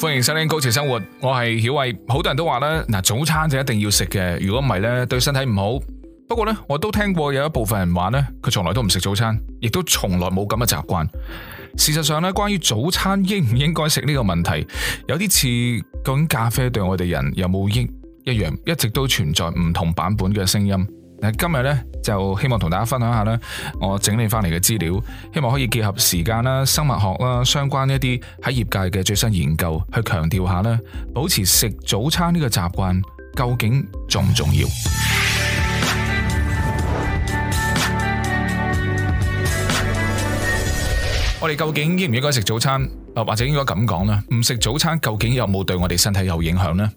歡迎收聽高潮生活，我係曉慧。好多人都話咧，嗱，早餐就一定要食嘅，如果唔係咧，對身體唔好。不過咧，我都聽過有一部分人話咧，佢從來都唔食早餐，亦都從來冇咁嘅習慣。事實上咧，關於早餐應唔應該食呢個問題，有啲似講咖啡對我哋人有冇益一樣，一直都存在唔同版本嘅聲音。嗱，今日咧就希望同大家分享下咧，我整理翻嚟嘅資料，希望可以結合時間啦、生物學啦、相關一啲喺業界嘅最新研究，去強調下呢，保持食早餐呢個習慣究竟重唔重要？ 我哋究竟應唔應該食早餐？啊，或者應該咁講啦，唔食早餐究竟有冇對我哋身體有影響呢？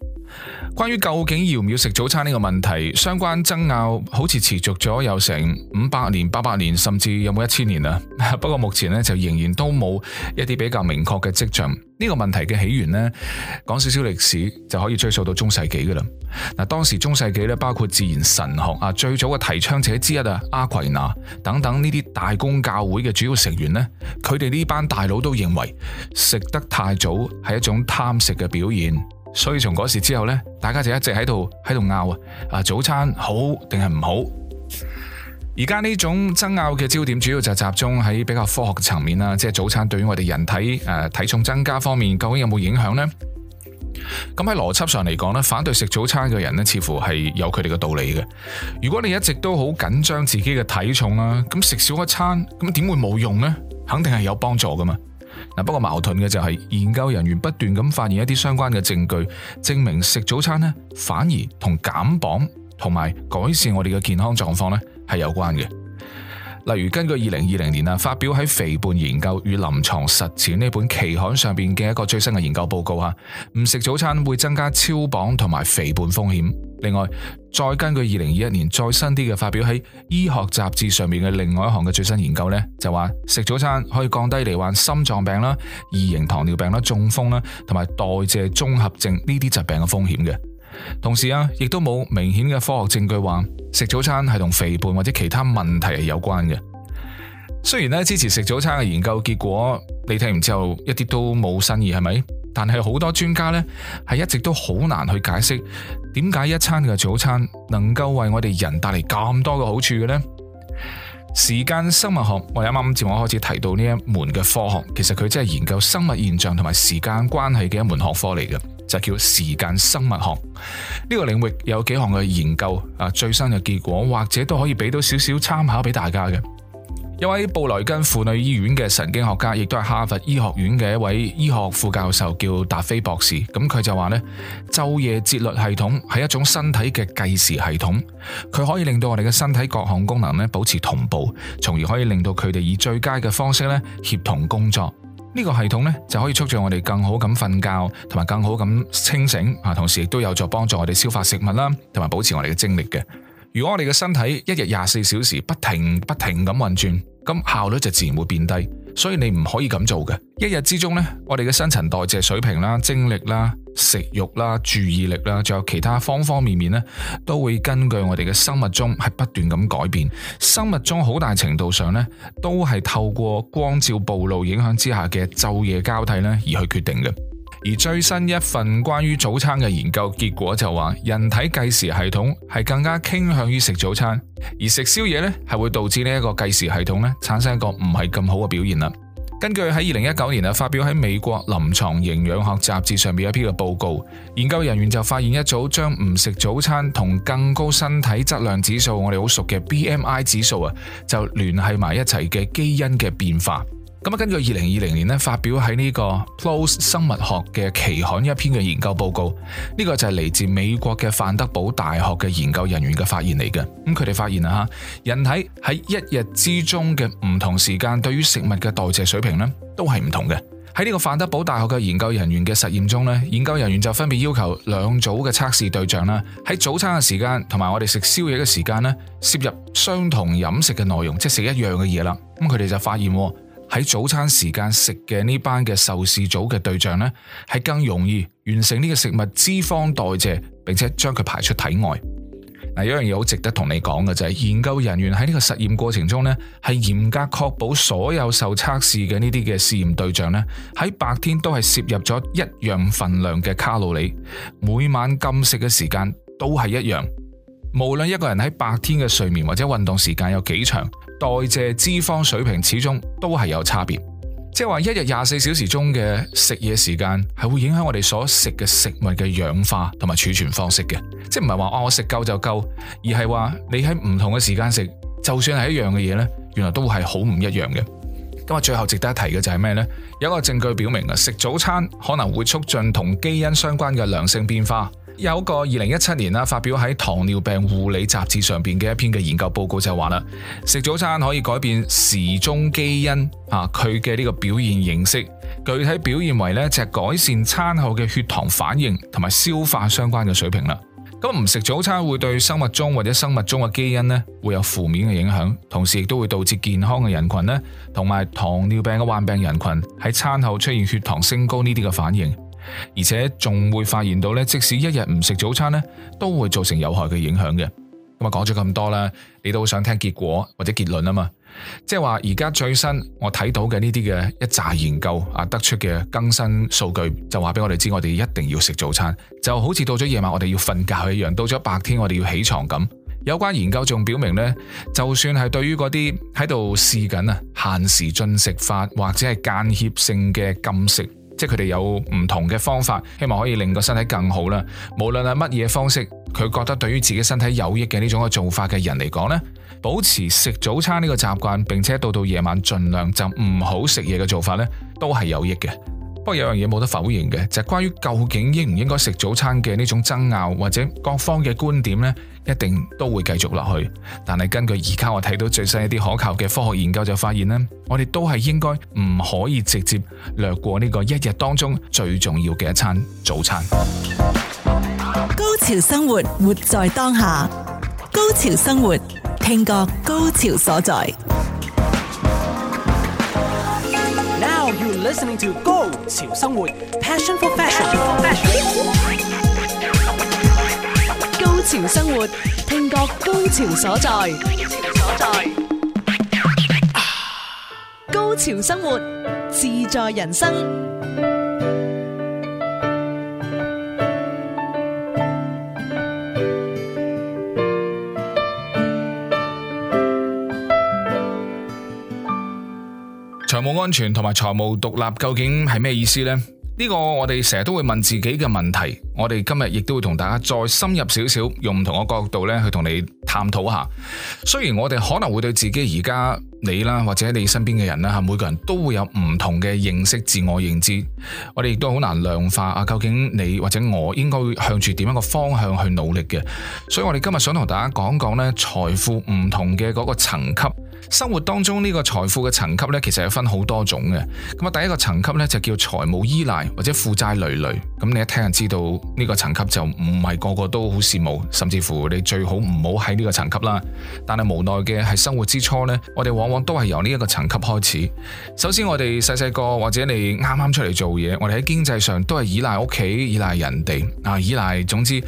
關於究竟要唔要食早餐呢個問題，相關爭拗好似持續咗有成五百年、八百年，甚至有冇一千年啦。 不過目前呢，就仍然都冇一啲比較明確嘅跡象。呢、呢個問題嘅起源呢，講少少歷史就可以追溯到中世紀噶啦。嗱，當時中世紀咧包括自然神學啊，最早嘅提倡者之一啊，阿奎那等等呢啲大公教會嘅主要成員呢，佢哋呢班大佬都認為食得太早係一種貪食嘅表現。所以從嗰時之後呢，大家就一直喺度喺度拗啊！啊，早餐好定係唔好？而家呢種爭拗嘅焦點主要就集中喺比較科學嘅層面啦，即係早餐對於我哋人體誒、啊、體重增加方面，究竟有冇影響呢？咁喺邏輯上嚟講呢，反對食早餐嘅人呢，似乎係有佢哋嘅道理嘅。如果你一直都好緊張自己嘅體重啦，咁食少一餐，咁點會冇用呢？肯定係有幫助噶嘛。嗱，不過矛盾嘅就係研究人員不斷咁發現一啲相關嘅證據，證明食早餐咧，反而同減磅同埋改善我哋嘅健康狀況咧係有關嘅。例如，根據二零二零年啊發表喺《肥胖研究與臨床實踐》呢本期刊上邊嘅一個最新嘅研究報告啊，唔食早餐會增加超磅同埋肥胖風險。另外，再根據二零二一年最新啲嘅，發表喺醫學雜誌上面嘅另外一項嘅最新研究呢，就話食早餐可以降低罹患心臟病啦、二型糖尿病啦、中風啦，同埋代謝綜合症呢啲疾病嘅風險嘅。同時啊，亦都冇明顯嘅科學證據話食早餐係同肥胖或者其他問題係有關嘅。雖然呢，之前食早餐嘅研究結果，你聽完之後一啲都冇新意，係咪？但係好多專家呢，係一直都好難去解釋，點解一餐嘅早餐能夠為我哋人帶嚟咁多嘅好處嘅呢？時間生物學我哋啱啱自我開始提到呢一門嘅科學，其實佢真係研究生物現象同埋時間關係嘅一門學科嚟嘅，就係，叫時間生物學呢，這個領域有幾項嘅研究啊，最新嘅結果或者都可以俾到少少參考俾大家嘅。一位布萊根婦女醫院嘅神經學家，亦都係哈佛醫學院嘅一位醫學副教授，叫達菲博士。咁佢就話呢，晝夜節律系統係一種身體嘅計時系統，佢可以令到我哋嘅身體各項功能咧保持同步，從而可以令到佢哋以最佳嘅方式咧協同工作。呢、呢個系統呢，就可以促進我哋更好咁瞓覺，同埋更好咁清醒啊。同時亦都有助幫助我哋消化食物啦，同埋保持我哋嘅精力嘅。如果我哋嘅身體一日廿四小時不停不停咁運轉，咁效率就自然會變低，所以你唔可以咁做嘅。一日之中呢，我哋嘅新陳代謝水平啦、精力啦、食慾啦、注意力啦，仲有其他方方面面呢，都會根據我哋嘅生物鐘係不斷咁改變。生物鐘好大程度上呢，都係透過光照暴露影響之下嘅晝夜交替呢而去決定嘅。而最新一份關於早餐嘅研究結果就話，人體計時系統係更加傾向於食早餐，而食宵夜呢係會導致呢一個計時系統咧產生一個唔係咁好嘅表現啦。根據喺二零一九年啊發表喺美國臨床營養學雜誌上面一篇嘅報告，研究人員就發現一早將唔食早餐同更高身體質量指數，我哋好熟嘅 BMI 指數啊，就聯繫埋一齊嘅基因嘅變化。咁根據二零二零年咧發表喺呢個《PLOS 生物學》嘅期刊一篇嘅研究報告，呢、呢個就係嚟自美國嘅范德堡大學嘅研究人員嘅發現嚟嘅。咁佢哋發現啊，嚇，人體喺一日之中嘅唔同時間，對於食物嘅代謝水平呢都係唔同嘅。喺呢個范德堡大學嘅研究人員嘅實驗中呢，研究人員就分別要求兩組嘅測試對象啦，喺早餐嘅時間同埋我哋食宵夜嘅時間呢，攝入相同飲食嘅內容，即係食一樣嘅嘢啦。咁佢哋就發現。喺早餐時間食嘅呢班嘅受試組嘅對象呢，係更容易完成呢個食物脂肪代謝，並且將佢排出體外。嗱，有樣嘢好值得同你講嘅就係，研究人員喺呢個實驗過程中呢，係嚴格確保所有受測試嘅呢啲嘅試驗對象呢，喺白天都係攝入咗一樣份量嘅卡路里，每晚禁食嘅時間都係一樣。無論一個人喺白天嘅睡眠或者運動時間有幾長，代謝脂肪水平始終都係有差別，即係話一日廿四小時中嘅食嘢時間係會影響我哋所食嘅食物嘅氧化同埋儲存方式嘅，即係唔係話哦我食夠就夠，而係話你喺唔同嘅時間食，就算係一樣嘅嘢呢，原來都係好唔一樣嘅。咁啊，最後值得一提嘅就係咩呢？有一個證據表明啊，食早餐可能會促進同基因相關嘅良性變化。有個二零一七年啦，發表喺糖尿病護理雜誌上邊嘅一篇嘅研究報告就話啦，食早餐可以改變時鐘基因啊，佢嘅呢個表現形式，具體表現為咧，就係改善餐後嘅血糖反應同埋消化相關嘅水平啦。咁唔食早餐會對生物鐘或者生物鐘嘅基因咧，會有負面嘅影響，同時亦都會導致健康嘅人群咧，同埋糖尿病嘅患病人群喺餐後出現血糖升高呢啲嘅反應。而且仲會發現到咧，即使一日唔食早餐咧，都會造成有害嘅影響嘅。咁啊，講咗咁多啦，你都好想聽結果或者結論啊嘛？即係話而家最新我睇到嘅呢啲嘅一紮研究啊，得出嘅更新數據就話俾我哋知，我哋一定要食早餐，就好似到咗夜晚我哋要瞓覺一樣，到咗白天我哋要起床咁。有關研究仲表明呢，就算係對於嗰啲喺度試緊啊限時進食法，或者係間歇性嘅禁食。即係佢哋有唔同嘅方法，希望可以令個身體更好啦。無論係乜嘢方式，佢覺得對於自己身體有益嘅呢種嘅做法嘅人嚟講呢，保持食早餐呢個習慣，並且到到夜晚盡量就唔好食嘢嘅做法呢，都係有益嘅。不過有樣嘢冇得否認嘅，就係關於究竟應唔應該食早餐嘅呢種爭拗或者各方嘅觀點呢，一定都會繼續落去，但係根據而家我睇到最新一啲可靠嘅科學研究就發現呢，我哋都係應該唔可以直接略過呢個一日當中最重要嘅一餐早餐。高潮生活，活在當下。高潮生活，聽覺高潮所在。Now you listening to 高潮生活，Passion for Fashion。高潮生活，聽覺高潮所在。高潮所在。高潮生活，自在人生。財務安全同埋財務獨立，究竟係咩意思呢？呢個我哋成日都會問自己嘅問題，我哋今日亦都會同大家再深入少少，用唔同嘅角度咧，去同你探討下。雖然我哋可能會對自己而家你啦，或者你身邊嘅人啦，吓每個人都會有唔同嘅認識自我認知，我哋亦都好難量化啊，究竟你或者我應該向住點樣個方向去努力嘅。所以我哋今日想同大家講講呢財富唔同嘅嗰個層級。生活當中呢個財富嘅層級呢，其實係分好多種嘅。咁啊，第一個層級呢，就叫財務依賴或者負債累累。咁你一聽就知道呢個層級就唔係個個都好羨慕，甚至乎你最好唔好喺呢個層級啦。但係無奈嘅係生活之初呢，我哋往往都係由呢一個層級開始。首先我哋細細個或者你啱啱出嚟做嘢，我哋喺經濟上都係依賴屋企、依賴人哋啊、依賴總之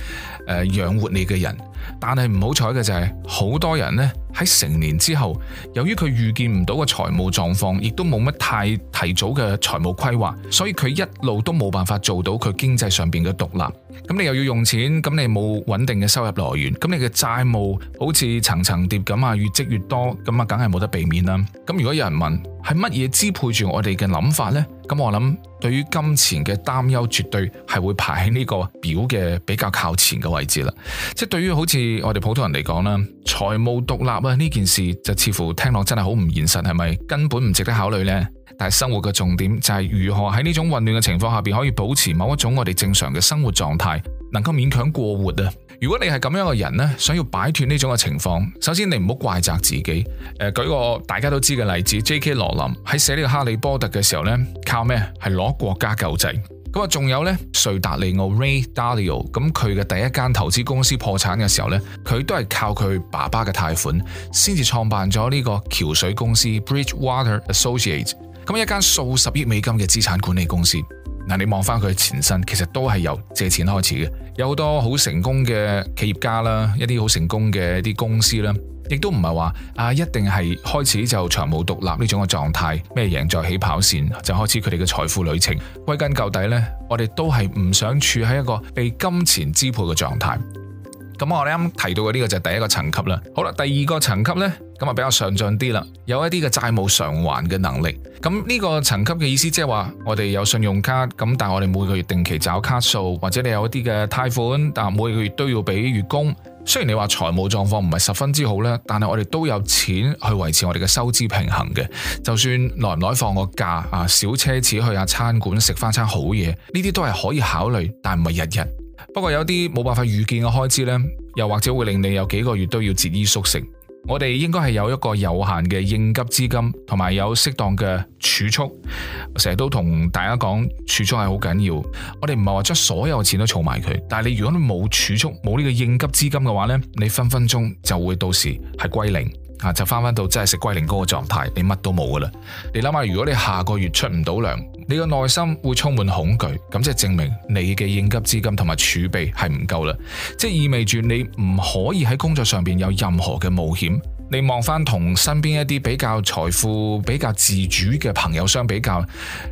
誒養活你嘅人。但係唔好彩嘅就係，好多人呢喺成年之後，由於佢預見唔到個財務狀況，亦都冇乜太提早嘅財務規劃，所以佢一路都冇辦法做到佢經濟上邊嘅獨立。咁你又要用錢，咁你冇穩定嘅收入來源，咁你嘅債務好似層層疊咁啊，越積越多，咁啊，梗係冇得避免啦。咁如果有人問，係乜嘢支配住我哋嘅諗法呢？咁我諗，對於金錢嘅擔憂絕對係會排喺呢個表嘅比較靠前嘅位置啦。即係對於好似我哋普通人嚟講啦，財務獨立啊呢件事就似乎聽落真係好唔現實，係咪根本唔值得考慮呢？但係生活嘅重點就係如何喺呢種混亂嘅情況下邊可以保持某一種我哋正常嘅生活狀態，能夠勉強過活啊！如果你係咁樣嘅人呢，想要擺脫呢種嘅情況，首先你唔好怪責自己。誒、呃，舉個大家都知嘅例子，J.K. 羅琳喺寫呢個《哈利波特》嘅時候呢，靠咩？係攞國家救濟。咁啊，仲有呢，瑞達利奧 Ray Dalio，咁佢嘅第一間投資公司破產嘅時候呢，佢都係靠佢爸爸嘅貸款先至創辦咗呢個橋水公司 Bridge Water Associates。咁一間數十億美金嘅資產管理公司，嗱，你望翻佢前身，其實都係由借錢開始嘅，有好多好成功嘅企業家啦，一啲好成功嘅一啲公司啦，亦都唔係話啊一定係開始就財務獨立呢種嘅狀態，咩贏在起跑線就開始佢哋嘅財富旅程。歸根究底呢，我哋都係唔想處喺一個被金錢支配嘅狀態。咁我哋啱啱提到嘅呢個就係第一個層級啦。好啦，第二個層級呢。咁啊，比較上進啲啦，有一啲嘅債務償還嘅能力。咁呢個層級嘅意思，即係話我哋有信用卡，咁但係我哋每個月定期找卡數，或者你有一啲嘅貸款，但係每個月都要俾月供。雖然你話財務狀況唔係十分之好咧，但係我哋都有錢去維持我哋嘅收支平衡嘅。就算耐唔耐放個假啊，小奢侈去下餐館食翻餐好嘢，呢啲都係可以考慮，但唔係日日。不過有啲冇辦法預見嘅開支呢，又或者會令你有幾個月都要節衣縮食。我哋應該係有一個有限嘅應急資金，同埋有適當嘅儲蓄。成日都同大家講儲蓄係好緊要。我哋唔係話將所有錢都儲埋佢，但係你如果你冇儲蓄，冇呢個應急資金嘅話呢，你分分鐘就會到時係歸零啊，就翻翻到真係食龜苓膏嘅狀態，你乜都冇噶啦。你諗下，如果你下個月出唔到糧？你嘅內心會充滿恐懼，咁即係證明你嘅應急資金同埋儲備係唔夠啦，即係意味住你唔可以喺工作上邊有任何嘅冒險。你望翻同身邊一啲比較財富、比較自主嘅朋友相比較，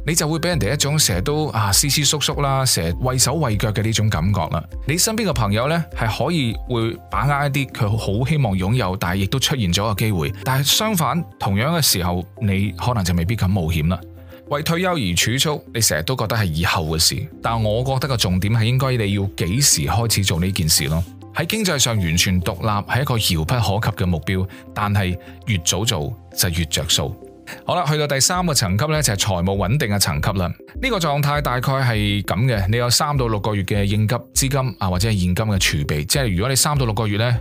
你就會俾人哋一種成日都啊思思縮縮啦，成日畏手畏腳嘅呢種感覺啦。你身邊嘅朋友呢，係可以會把握一啲佢好希望擁有，但係亦都出現咗嘅機會，但係相反同樣嘅時候，你可能就未必咁冒險啦。為退休而儲蓄，你成日都覺得係以後嘅事，但我覺得個重點係應該你要幾時開始做呢件事咯。喺經濟上完全獨立係一個遙不可及嘅目標，但係越早做就越着數。好啦，去到第三個層級咧就係、是、財務穩定嘅層級啦。呢、這個狀態大概係咁嘅，你有三到六個月嘅應急資金啊，或者係現金嘅儲備，即係如果你三到六個月咧。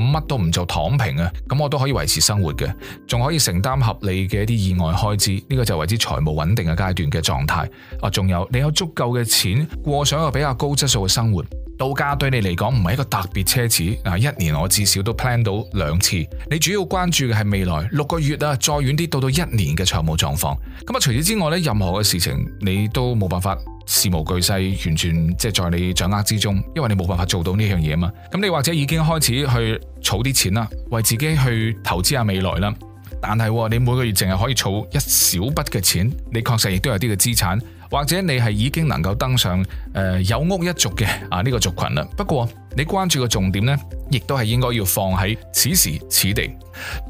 乜都唔做躺平啊，咁我都可以維持生活嘅，仲可以承擔合理嘅一啲意外開支，呢個就係為之財務穩定嘅階段嘅狀態。啊，仲有你有足夠嘅錢過上一個比較高質素嘅生活，度假對你嚟講唔係一個特別奢侈啊。一年我至少都 plan 到兩次，你主要關注嘅係未來六個月啊，再遠啲到到一年嘅財務狀況。咁啊，除此之外呢，任何嘅事情你都冇辦法。事無巨細，完全即係在你掌握之中，因為你冇辦法做到呢樣嘢嘛。咁你或者已經開始去儲啲錢啦，為自己去投資下未來啦。但係、哦、你每個月淨係可以儲一小筆嘅錢，你確實亦都有啲嘅資產，或者你係已經能夠登上誒、呃、有屋一族嘅啊呢、呢個族群啦。不過，你關注嘅重點呢，亦都係應該要放喺此時此地。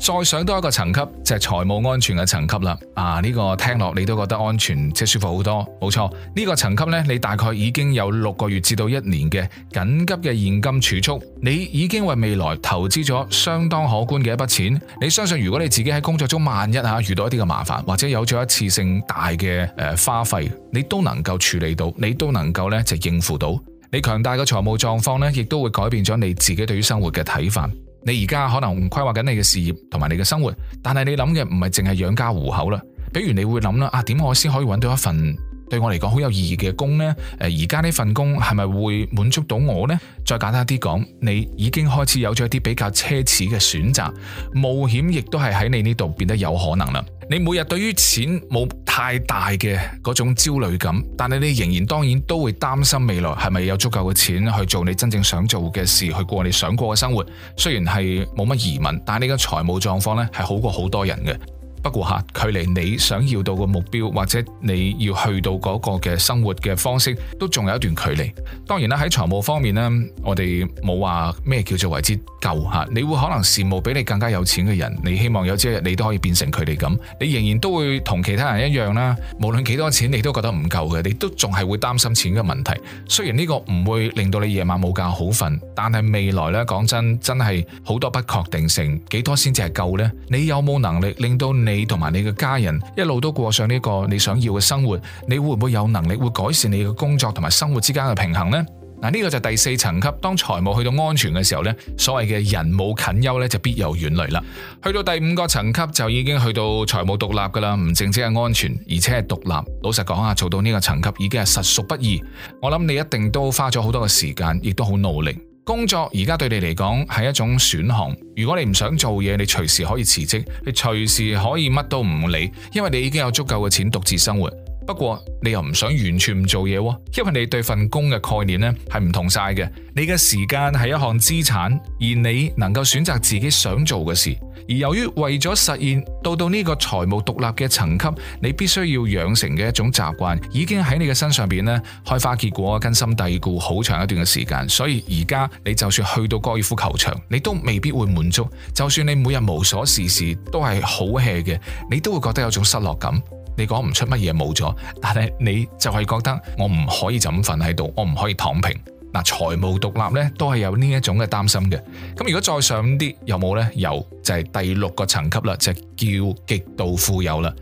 再上多一個層級就係財務安全嘅層級啦。啊，呢個聽落你都覺得安全，即係舒服好多。冇錯，呢個層級呢，你大概已經有六個月至到一年嘅緊急嘅現金儲蓄，你已經為未來投資咗相當可觀嘅一筆錢。你相信，如果你自己喺工作中萬一吓遇到一啲嘅麻煩，或者有咗一次性大嘅誒花費，你都能夠處理到，你都能夠咧就應付到。你強大嘅財務狀況呢，亦都會改變咗你自己對於生活嘅睇法。你而家可能規劃緊你嘅事業同埋你嘅生活，但係你諗嘅唔係淨係養家糊口啦。比如你會諗啦，啊點我先可以搵到一份。對我嚟講好有意義嘅工呢。誒、呃，而家呢份工係咪會滿足到我呢？再簡單啲講，你已經開始有咗一啲比較奢侈嘅選擇，冒險亦都係喺你呢度變得有可能啦。你每日對於錢冇太大嘅嗰種焦慮感，但係你仍然當然都會擔心未來係咪有足夠嘅錢去做你真正想做嘅事，去過你想過嘅生活。雖然係冇乜疑問，但係你嘅財務狀況呢係好過好多人嘅。不過吓，距離你想要到嘅目標或者你要去到嗰個嘅生活嘅方式，都仲有一段距離。當然啦，喺財務方面呢，我哋冇話咩叫做為之夠吓。你會可能羨慕比你更加有錢嘅人，你希望有朝一日你都可以變成佢哋咁，你仍然都會同其他人一樣啦。無論幾多錢，你都覺得唔夠嘅，你都仲係會擔心錢嘅問題。雖然呢個唔會令到你夜晚冇覺好瞓，但係未來呢，講真，真係好多不確定性，幾多先至係夠呢？你有冇能力令到你？你同埋你嘅家人一路都過上呢個你想要嘅生活，你會唔會有能力會改善你嘅工作同埋生活之間嘅平衡咧？嗱，呢個就第四層級。當財務去到安全嘅時候咧，所謂嘅人冇近憂咧，就必有遠慮啦。去到第五個層級就已經去到財務獨立噶啦，唔淨止係安全，而且係獨立。老實講啊，做到呢個層級已經係實屬不易，我諗你一定都花咗好多嘅時間，亦都好努力。工作而家對你嚟講係一種選項。如果你唔想做嘢，你隨時可以辭職，你隨時可以乜都唔理，因為你已經有足夠嘅錢獨自生活。不過你又唔想完全唔做嘢喎，因為你對份工嘅概念呢係唔同晒嘅。你嘅時間係一項資產，而你能夠選擇自己想做嘅事。而由於為咗實現到到呢個財務獨立嘅層級，你必須要養成嘅一種習慣，已經喺你嘅身上邊呢開花結果，根深蒂固好長一段嘅時間。所以而家你就算去到高爾夫球場，你都未必會滿足。就算你每日無所事事都係好 hea 嘅，你都會覺得有種失落感。你講唔出乜嘢冇咗，但係你就係覺得我唔可以就咁瞓喺度，我唔可以躺平。嗱，財務獨立咧都係有呢一種嘅擔心嘅。咁如果再上啲，有冇呢？有就係、是、第六個層級啦，就是、叫極度富有啦。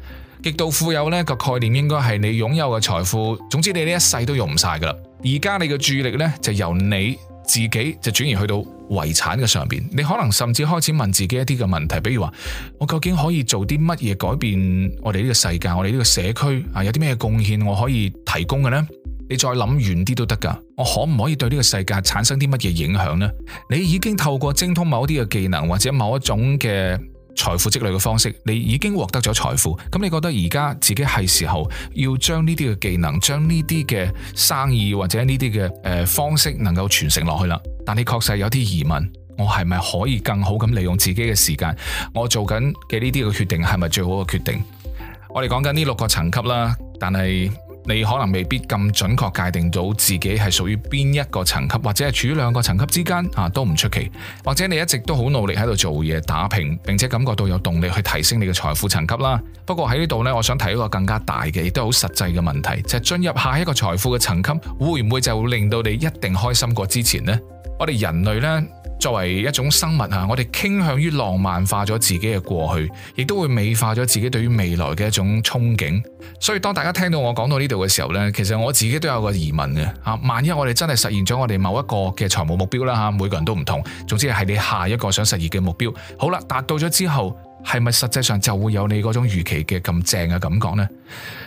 極度富有呢個概念應該係你擁有嘅財富，總之你呢一世都用唔晒㗎啦。而家你嘅注意力咧就由你。自己就轉移去到遺產嘅上邊，你可能甚至開始問自己一啲嘅問題，比如話，我究竟可以做啲乜嘢改變我哋呢個世界，我哋呢個社區啊，有啲咩貢獻我可以提供嘅呢？你再諗遠啲都得㗎，我可唔可以對呢個世界產生啲乜嘢影響呢？你已經透過精通某一啲嘅技能或者某一種嘅。財富積累嘅方式，你已經獲得咗財富，咁你覺得而家自己係時候要將呢啲嘅技能，將呢啲嘅生意或者呢啲嘅誒方式能夠傳承落去啦？但你確實有啲疑問，我係咪可以更好咁利用自己嘅時間？我做緊嘅呢啲嘅決定係咪最好嘅決定？我哋講緊呢六個層級啦，但係。你可能未必咁準確界定到自己係屬於邊一個層級，或者係處於兩個層級之間啊，都唔出奇。或者你一直都好努力喺度做嘢打拼，並且感覺到有動力去提升你嘅財富層級啦。不過喺呢度呢，我想提一個更加大嘅，亦都好實際嘅問題，就係進入下一個財富嘅層級，會唔會就令到你一定開心過之前呢？我哋人類呢，作為一種生物啊，我哋傾向於浪漫化咗自己嘅過去，亦都會美化咗自己對於未來嘅一種憧憬。所以當大家聽到我講到呢度嘅時候呢，其實我自己都有個疑問嘅吓。萬一我哋真係實現咗我哋某一個嘅財務目標啦吓，每個人都唔同，總之係你下一個想實現嘅目標。好啦，達到咗之後。係咪實際上就會有你嗰種預期嘅咁正嘅感覺呢？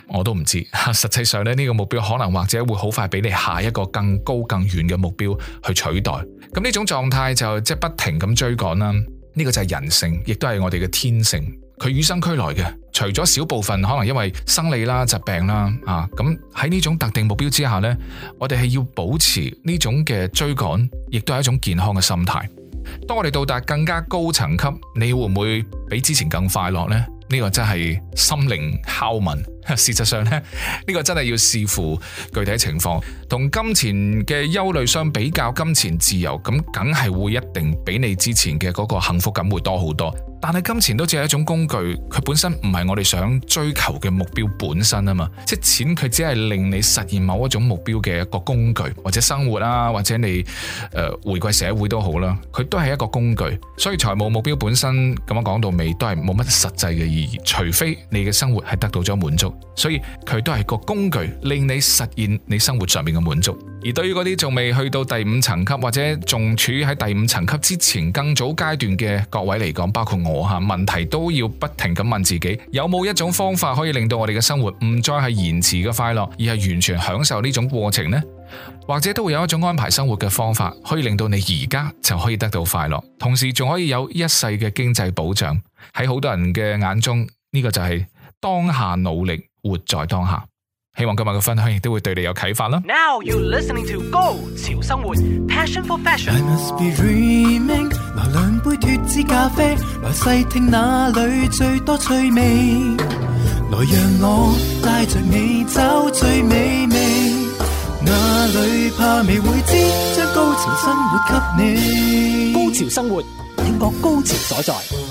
我都唔知。實際上咧，呢個目標可能或者會好快俾你下一個更高、更遠嘅目標去取代。咁呢種狀態就即係不停咁追趕啦。呢個就係人性，亦都係我哋嘅天性。佢與生俱來嘅。除咗少部分可能因為生理啦、疾病啦啊，咁喺呢種特定目標之下呢，我哋係要保持呢種嘅追趕，亦都係一種健康嘅心態。當我哋到達更加高層級，你會唔會比之前更快樂呢？呢、這個真係心靈拷問。事實上咧，呢個真係要視乎具體情況。同金錢嘅憂慮相比較，金錢自由咁梗係會一定比你之前嘅嗰個幸福感會多好多。但係金錢都只係一種工具，佢本身唔係我哋想追求嘅目標本身啊嘛。即係錢，佢只係令你實現某一種目標嘅一個工具，或者生活啦、啊，或者你誒、呃、回饋社會都好啦，佢都係一個工具。所以財務目標本身咁樣講到尾，都係冇乜實際嘅意義，除非你嘅生活係得到咗滿足。所以佢都係個工具，令你實現你生活上面嘅滿足。而對於嗰啲仲未去到第五層級，或者仲處喺第五層級之前更早階段嘅各位嚟講，包括我吓，問題都要不停咁問自己，有冇一種方法可以令到我哋嘅生活唔再係延遲嘅快樂，而係完全享受呢種過程呢？或者都會有一種安排生活嘅方法，可以令到你而家就可以得到快樂，同時仲可以有一世嘅經濟保障。喺好多人嘅眼中，呢個就係。當下努力，活在當下。希望今日嘅分享亦都會對你有啟發啦。Now you listening to 高潮生活，Passion for fashion。I must be dreaming。來兩杯脫脂咖啡，來細聽哪裏最多趣味。來讓我帶着你找最美味，哪裏怕未會知，將高潮生活給你。高潮生活，英國高潮所在。